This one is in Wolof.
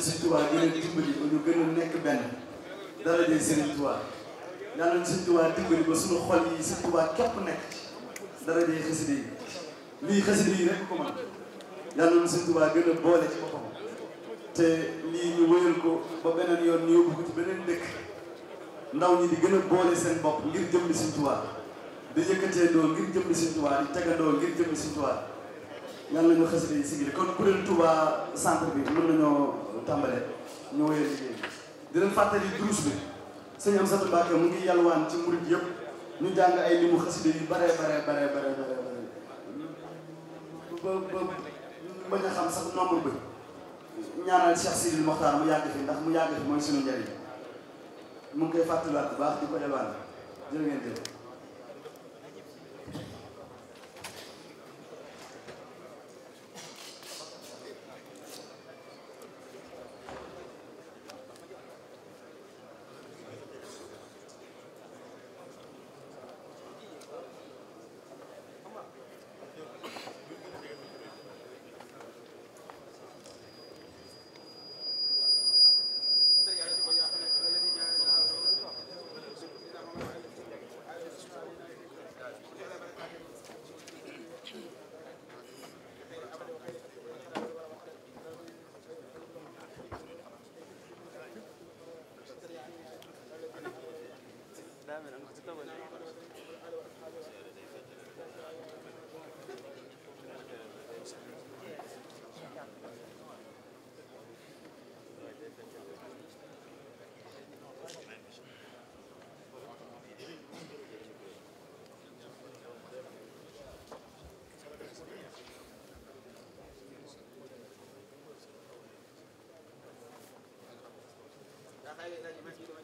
Sëriñ Tuubaa di leen dimbali nekk benn dara jël Sëriñ Tuubaa yàlla na Sëriñ Tuubaa dimbali ba suñu nekk dara jël xasida yi lii na Sëriñ Tuubaa gën a boole ci boppam te lii ñu wëyal ko ba beneen yoon ñu yóbbu ko ci beneen dëkk ndaw ñi di gën boole seen bopp ngir jëm di Sëriñ Tuubaa di yëkkatee doo ngir jëm di Sëriñ Tuubaa di tegandoo ngir jëm nan la ñu xasida yi sigil kon kuréel Touba centre bi mën nañoo tàmbale ñu wéyal liggéey di fàttali durus bi sa Amsatu Mbàkke mu ngi yalwaan ci murid yëpp ñu jàng ay limu xasida bare bare bare bare bare ba ba bañ a xam sax nombre bi ñaanal Cheikh Sidil Mokhtar mu yàgg fi ndax mu yàgg fi mooy suñu njëriñ mu ngi koy fàttaliwaat bu baax di ko yalwaan jërë ngeen jëf الثامن أنا كنت أول Gracias.